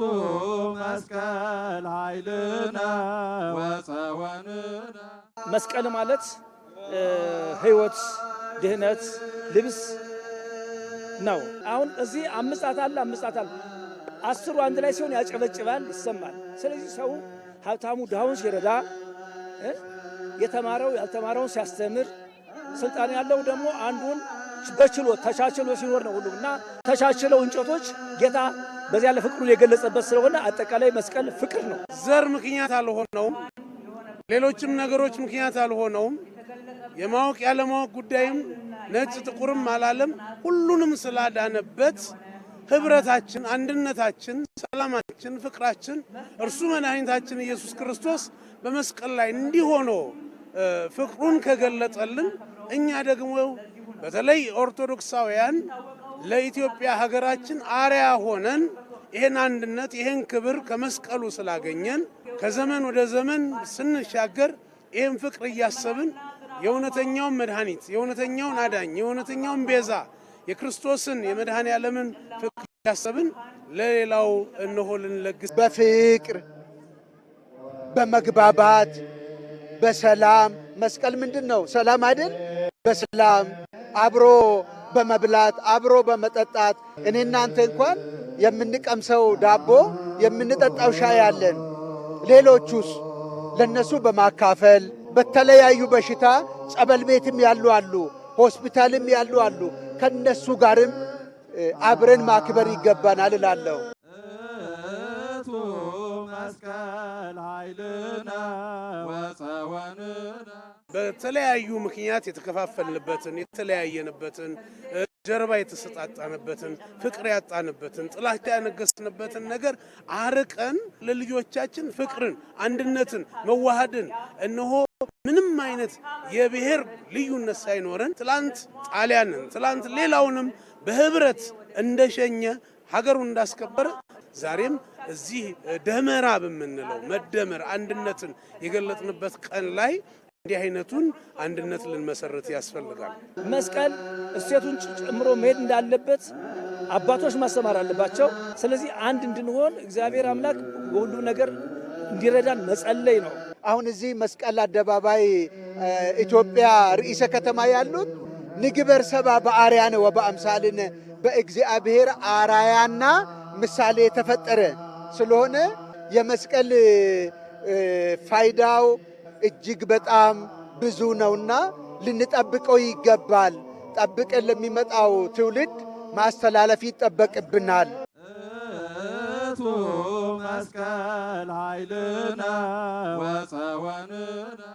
ውእቱ መስቀል ኃይልነ ወፀወንነ። መስቀል ማለት ህይወት ድህነት፣ ልብስ ነው። አሁን እዚህ አምስት ጣት አለ፣ አምስት ጣት አለ። አስሩ አንድ ላይ ሲሆን ያጨበጭባል፣ ይሰማል። ስለዚህ ሰው ሀብታሙ ድሃውን ሲረዳ፣ የተማረው ያልተማረውን ሲያስተምር፣ ስልጣን ያለው ደግሞ አንዱን በችሎት ተቻችሎ ሲኖር ነው ሁሉም እና ተቻችለው እንጨቶች ጌታ በዚህ ያለ ፍቅሩን የገለጸበት ስለሆነ አጠቃላይ መስቀል ፍቅር ነው። ዘር ምክንያት አልሆነውም፣ ሌሎችም ነገሮች ምክንያት አልሆነውም። የማወቅ ያለማወቅ ጉዳይም ነጭ ጥቁርም አላለም። ሁሉንም ስላዳነበት ህብረታችን፣ አንድነታችን፣ ሰላማችን፣ ፍቅራችን እርሱ መድኃኒታችን ኢየሱስ ክርስቶስ በመስቀል ላይ እንዲሆኖ ፍቅሩን ከገለጸልን እኛ ደግሞ በተለይ ኦርቶዶክሳውያን ለኢትዮጵያ ሀገራችን አርያ ሆነን ይህን አንድነት ይህን ክብር ከመስቀሉ ስላገኘን ከዘመን ወደ ዘመን ስንሻገር ይህን ፍቅር እያሰብን የእውነተኛውን መድኃኒት የእውነተኛውን አዳኝ የእውነተኛውን ቤዛ የክርስቶስን የመድኃኔ ዓለምን ፍቅር እያሰብን ለሌላው እነሆ ልንለግስ በፍቅር በመግባባት በሰላም መስቀል ምንድን ነው? ሰላም አይደል? በሰላም አብሮ በመብላት አብሮ በመጠጣት እኔ እናንተ እንኳን የምንቀምሰው ዳቦ፣ የምንጠጣው ሻይ አለን። ሌሎቹስ? ለነሱ በማካፈል በተለያዩ በሽታ ጸበል ቤትም ያሉ አሉ፣ ሆስፒታልም ያሉ አሉ። ከነሱ ጋርም አብረን ማክበር ይገባናል እላለሁ። በተለያዩ ምክንያት የተከፋፈልንበትን የተለያየንበትን ጀርባ የተሰጣጣንበትን ፍቅር ያጣንበትን ጥላቻ ያነገስንበትን ነገር አርቀን ለልጆቻችን ፍቅርን፣ አንድነትን፣ መዋሃድን እነሆ ምንም አይነት የብሔር ልዩነት ሳይኖረን ትላንት ጣሊያንን ትላንት ሌላውንም በህብረት እንደሸኘ ሀገሩን እንዳስከበረ ዛሬም እዚህ ደመራ በምንለው መደመር አንድነትን የገለጥንበት ቀን ላይ እንዲህ አይነቱን አንድነት ልንመሰረት ያስፈልጋል። መስቀል እሴቱን ጨምሮ መሄድ እንዳለበት አባቶች ማስተማር አለባቸው። ስለዚህ አንድ እንድንሆን እግዚአብሔር አምላክ በሁሉም ነገር እንዲረዳን መጸለይ ነው። አሁን እዚህ መስቀል አደባባይ ኢትዮጵያ ርዕሰ ከተማ ያሉት ንግበር ሰባ በአርያነ ወበአምሳልን በእግዚአብሔር አራያና ምሳሌ የተፈጠረ ስለሆነ የመስቀል ፋይዳው እጅግ በጣም ብዙ ነውና ልንጠብቀው ይገባል። ጠብቀን ለሚመጣው ትውልድ ማስተላለፍ ይጠበቅብናል። መስቀል ኃይልና ወፀወንና